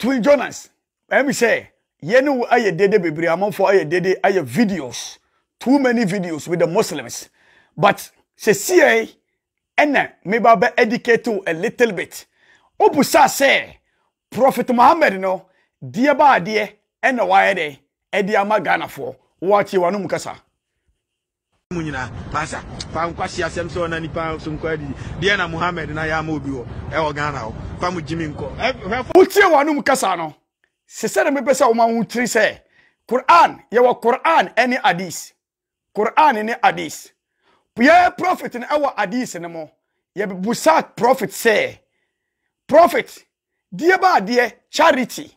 twin jonas ɛmi sɛ yɛne wo ayɛ dede bebree amanfoɔ ayɛ dede ayɛ videos too many videos with the muslims but see, sɛsiɛ ɛna meba bɛ educate you a little bit wobusa sɛ prophet muhammad no deɛ baadeɛ ɛna wayɛ dɛ ɛde ama Ghana ghanafoɔ wɔakyie w'anom kasa mu nyinaa paasa fa nkwasi asɛm sɛ ɔna nipa so nkɔ adi deɛ na muhammed na yɛama obi wɔ ɛwɔ ghana hɔ fa mu gyimi nkɔ wotie wɔanom kasa no sɛ sɛde mepɛ sɛ woma wo tiri sɛ quran yɛwɔ quran ne adis quran ne adis yɛ prophet no ɛwɔ adis no mu yɛbusa prophet sɛ prophet deɛ ba adeɛ charity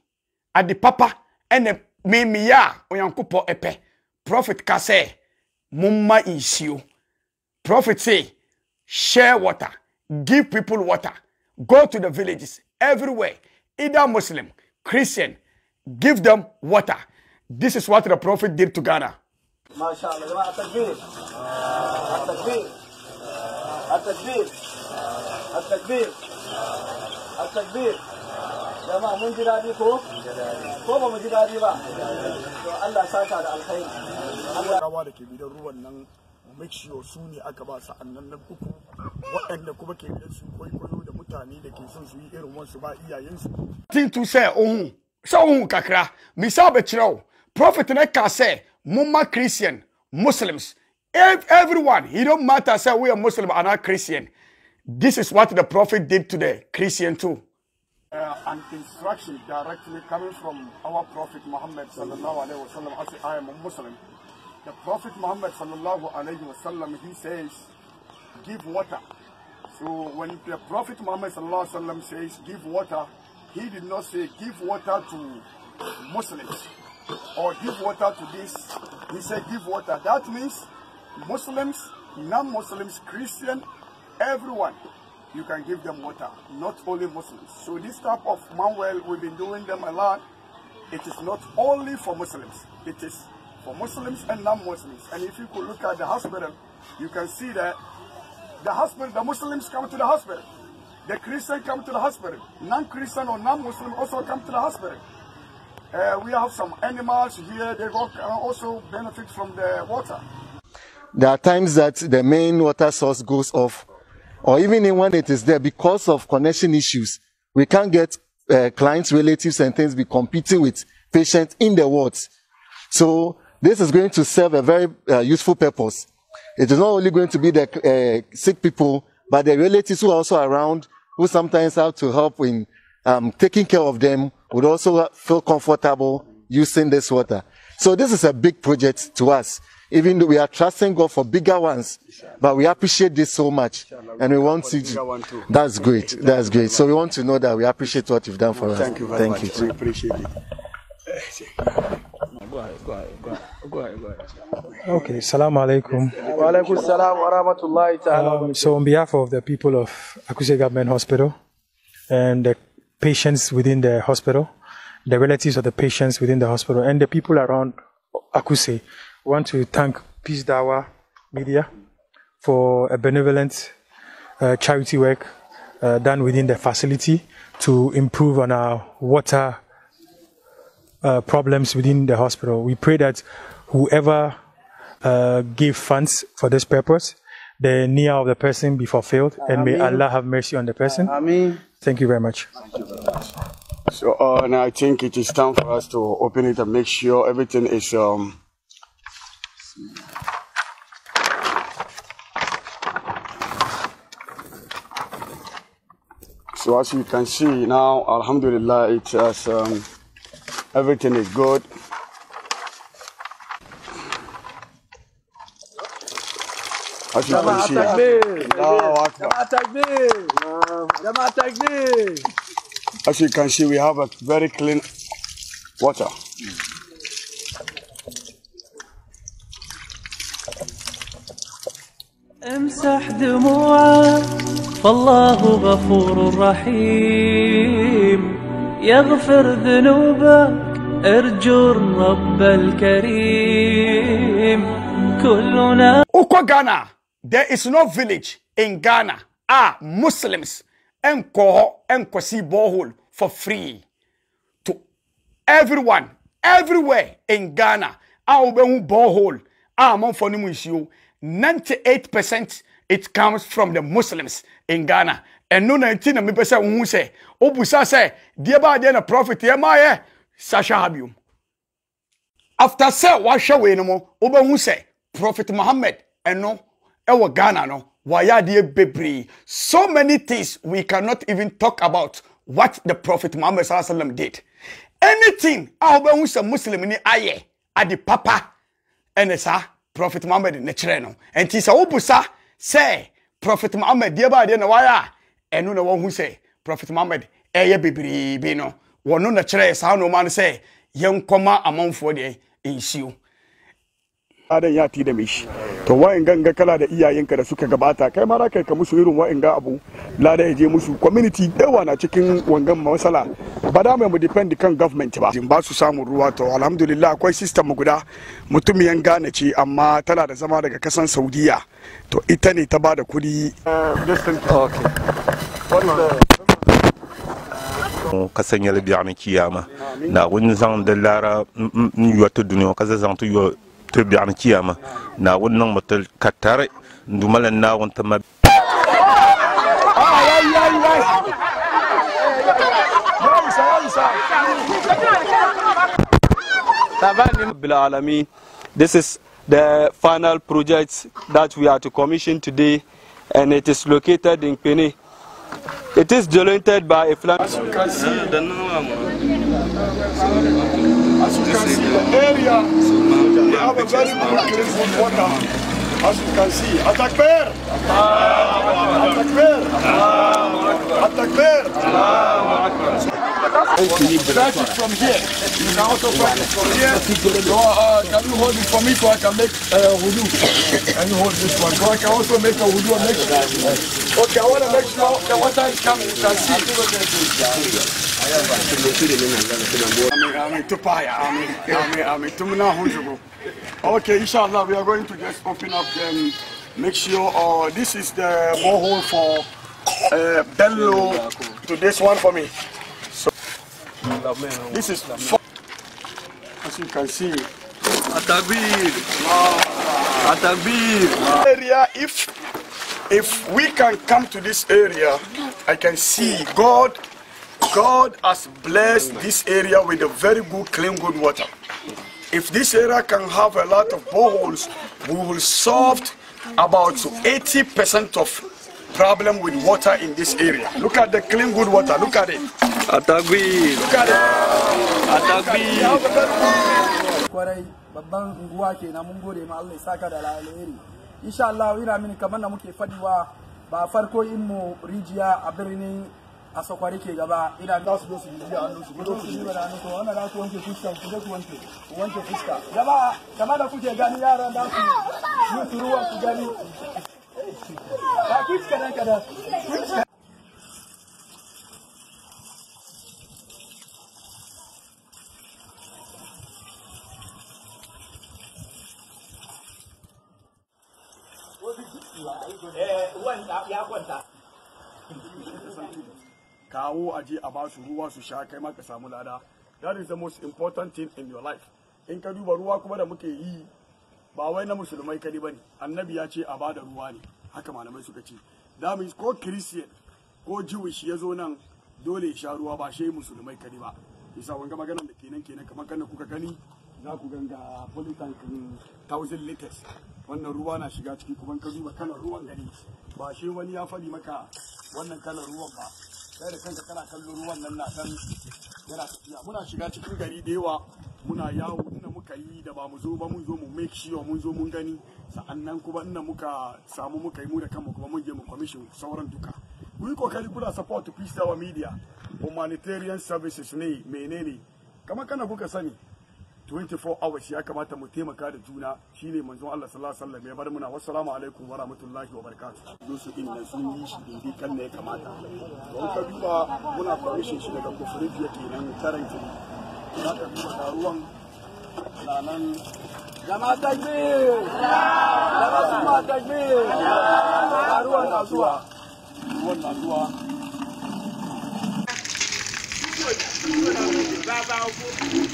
ade papa ɛne memeyɛ a onyankopɔn ɛpɛ prophet ka mumma issue, prophet say share water give people water go to the villages everywhere either muslim christian give them water this is what the prophet did to ghana Allah saka da alkhairi Allah rawa da ke bidan ruwan nan make sure aka ba su annan nan uku waɗanda kuma ke su da mutane da ke son su yi irin wansu ba tin kakra prophet ne ka sɛ mumma christian muslims if everyone He don't matter Say we are muslim and not christian this is what the prophet did to the christian too uh, an instruction directly coming from our Prophet Muhammad sallallahu alaihi wasallam. I say I am a Muslim. The Prophet Muhammad sallallahu alaihi wasallam he says, give water. So when the Prophet Muhammad sallallahu alaihi wasallam says give water, he did not say give water to Muslims or give water to this. He said give water. That means Muslims, non-Muslims, Christian, everyone you can give them water, not only Muslims. So this type of manwell, we've been doing them a lot. It is not only for Muslims. It is for Muslims and non-Muslims. And if you could look at the hospital, you can see that the hospital, the Muslims come to the hospital. The Christian come to the hospital. Non-Christian or non-Muslim also come to the hospital. Uh, we have some animals here. They uh, also benefit from the water. There are times that the main water source goes off or even when it is there, because of connection issues, we can't get uh, clients, relatives, and things be competing with patients in the wards. So this is going to serve a very uh, useful purpose. It is not only going to be the uh, sick people, but the relatives who are also around, who sometimes have to help in um, taking care of them, would also feel comfortable using this water. So this is a big project to us even though we are trusting God for bigger ones, but we appreciate this so much, and we want to. That's great. That's great. So we want to know that we appreciate what you've done for us. Thank you very Thank much. You. We appreciate it. Go ahead, go ahead, go ahead, go ahead. Okay, Salam alaikum. Wa alaikum salam ta'ala. Um, so, on behalf of the people of Akuse Government Hospital and the patients within the hospital, the relatives of the patients within the hospital, and the people around Akuse, I want to thank Peace Dawa Media for a benevolent uh, charity work uh, done within the facility to improve on our water uh, problems within the hospital. We pray that whoever uh, gave funds for this purpose, the nia of the person be fulfilled, and may Allah have mercy on the person. Amen. Thank you very much. So, uh, and I think it is time for us to open it and make sure everything is um, so as you can see now, Alhamdulillah, it has, um, everything is good. As you can see, As you can see, we have a very clean water. تمسح دموعك فالله غفور رحيم يغفر ذنوبك ارجو الرب الكريم كلنا Uko Ghana, there is no village in Ghana are Muslims and Koho and borehole for free to everyone, everywhere in Ghana. Our borehole, our money 98% it comes from the muslims in ghana ɛno na nti na mepɛ sɛ wohu sɛ wobusa sɛ deɛ baadeɛ na profit yɛma yɛ sahwɛ ha biom after sɛ wahwɛ wei no mu wobɛhu sɛ prophet muhammad ɛno ɛwɔ ghana no wayɛ adeɛ bebree so many things we cannot even talk about what the prophet muhammad sallallahu sallam did anything a wobɛhu sɛ muslim ni ayɛ adi papa ɛne saa prophet muhammed ne kyerɛ no nti sɛ wobusa sɛ prophet muhammed deɛ baadeɛ na wayɛ a ɛno na wɔhu sɛ prophet muhammed ɛyɛ bebree bi no wɔno na kyerɛ saa nnoɔma no sɛ yɛnkɔma amanfoɔ deɛ nsuo adan ya tida da mai shi to wa'in ganga kala da iyayenka da suka gabata kai ma kai ka musu irin wa'in ga abu lada ya je musu community dawa na cikin wangan masala ba da mai mu depend kan government ba ba su samun ruwa to alhamdulillah akwai system guda mutum yan ce amma tana da zama daga kasan saudiya to ita ne ta ba da kuɗi kasan yalbiya na kiyama na wani zan da lara mm, mm, mm, wata duniya kasa zan yi. to This is the final project that we are to commission today and it is located in Pene. It is donated by a philanthropist. As you can see, the area, we have a very good clean water. As you can see, Atakbir! Atakbir! Atakbir! Start from here. You can also start from here. So, uh, can you hold it for me so I can make a uh, wudu? Can you hold this one? So I can also make a wudu and make sure. Okay, I want to make sure the water is coming. You can see. Amen. Tupaya. Amen. Okay, inshallah, we are going to just open up and make sure uh, this is the borehole for uh, Bello to this one for me. So, this is as you can see. Atabir. Atabir. Area, if if we can come to this area, I can see God God has blessed this area with a very good, clean, good water. If this area can have a lot of boreholes, we will solve about 80% of problem with water in this area. Look at the clean, good water. Look at it. Atagbi. Look at it. Atagbi. Kwarai babban unguwa kenan mun gode ma Allah ya saka da alheri. Insha Allah ina mini kamar da muke fadiwa ba farko in mu rijiya a birnin a sakwari ke gaba ina za su zo su yi hannu su gudu su yi mana hannu wannan za su wanke fuska ku je wanke wanke fuska jama'a kamar da kuke gani yaran da su yi turuwa ku gani ba ku kadan kadan basu ruwa su sha kai ma ka samu lada that is the most important thing in your life in ka duba ruwa kuma da muke yi ba wai na musulmai kadi bane annabi ya ce a bada ruwa ne haka malamai suka ce that means ko christian ko jewish ya zo nan dole ya sha ruwa ba shi musulmai kadi ba isa wanga maganar da kenan kenan kamar kuka gani za ku ganga fully tank 1000 liters wannan ruwa na shiga ciki kuma ka duba kana ruwan gari ba shi wani ya fadi maka wannan kalar ruwan ba kai da kanka kana kallon ruwan nan na san yana tafiya muna shiga cikin gari da yawa muna yawo ina muka yi da ba mu zo ba mun zo mu make sure mun zo mun gani sa'annan kuma inda muka samu muka yi mu da kanmu kuma mun je mu commission sauran duka ku yi kokari kuna support peace our media humanitarian services ne menene kamar kana kuka sani 24 hours ya kamata mu taimaka da juna shine manzon Allah sallallahu alaihi wasallam ya bar muna wassalamu alaikum wa rahmatullahi wa barakatuh su din nan sun yi shi daidai kan ne ya kamata don ka duba muna farashin shi daga kufrin ya kenan tarin jini za ka duba da ruwan nan jama'a takbir jama'a su ma takbir ruwan na zuwa ruwan na zuwa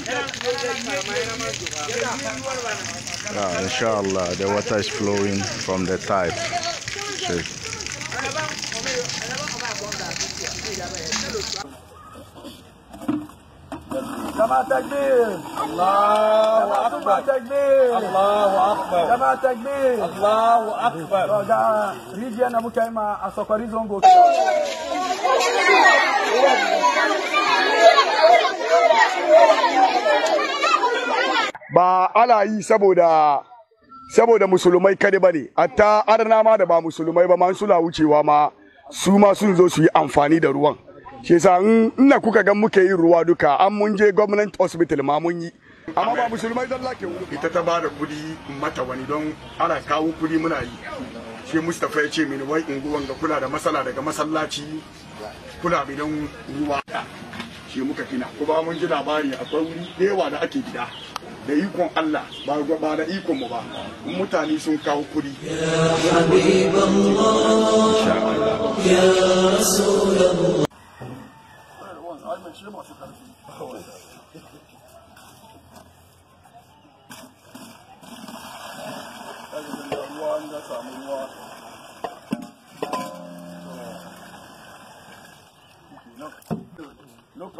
Ah, inshallah, the water is flowing from the type. Jama takbir. Allahu akbar. Takbir. Allahu akbar. Jama takbir. Allahu akbar. Roga region amukaima asokarizongo. Oh, yeah. ba ala yi saboda saboda musulmai kada bane hatta arna ma da ba musulmai ba ma suna wucewa ma su ma sun zo su yi amfani da ruwan shi yasa na kuka gan muke yin ruwa duka an mun je government hospital ma mun yi amma ba musulmai zalla wuri ita ta bada kudi mata wani don ana kawo kudi muna yi shi Mustapha ya ce mini wai unguwan ga kula da masala daga masallaci kula bidan ruwa shi muka kina ba mun ji labari akwai wuri da yawa da ake gida da ikon Allah ba gaba da ikon mu ba mutane sun kawo kuri ya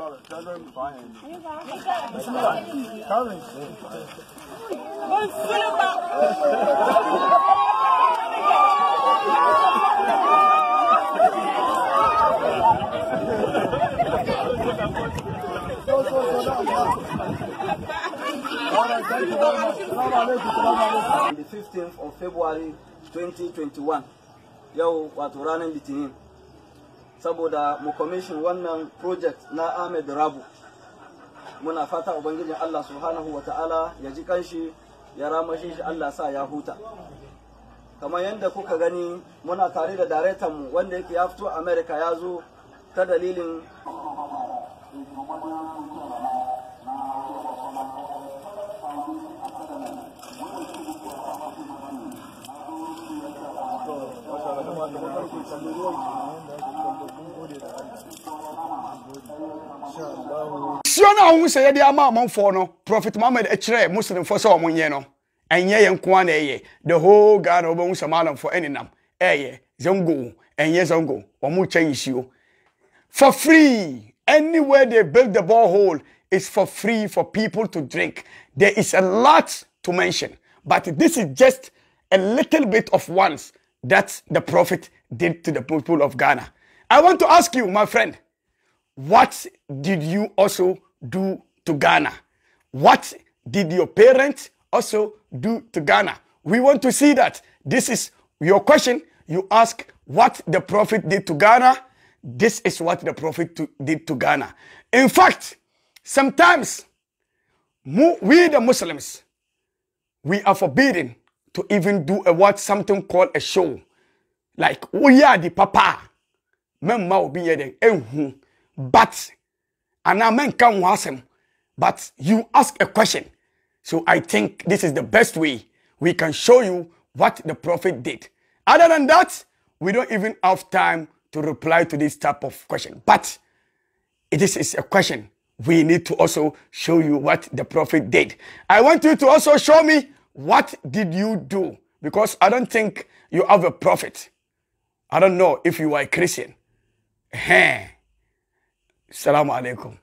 On the 15th of February 2021, You want to run the team. saboda mu commission wannan project na Ahmed Rabu muna fata ubangijin Allah subhanahu wa ta'ala ya ji kanshi ya rama shi Allah sa ya huta kamar yadda kuka gani muna tare da daretan mu wanda yake ya fito America ya zo ta dalilin nsuo no a wohu sɛ yɛde ama amanfoɔ no prophet mohammed kyerɛ muslimfoɔ sɛ so nyɛ no ɛnyɛ yɛ nko a na ɛyɛ the whole God ghana wobɛhu sɛ malamfoɔ ɛnenam ɛyɛ zango ɛnyɛ zango ɔmo change you for free anywhere they build the borehole is for free for people to drink there is a lot to mention but this is just a little bit of ones that the prophet did to the people of ghana i want to ask you my friend what did you also do to Ghana? What did your parents also do to Ghana? We want to see that. This is your question. You ask what the prophet did to Ghana. This is what the prophet to, did to Ghana. In fact, sometimes we, the Muslims, we are forbidden to even do a what something called a show. Like, we are the papa. But and anaa come ask him, but you ask a question so i think this is the best way we can show you what the prophet did other than that we don't even have time to reply to this type of question but this is a question we need to also show you what the prophet did i want you to also show me what did you do because i don't think you have a prophet i don't know if you are a christian Salamu alaikum.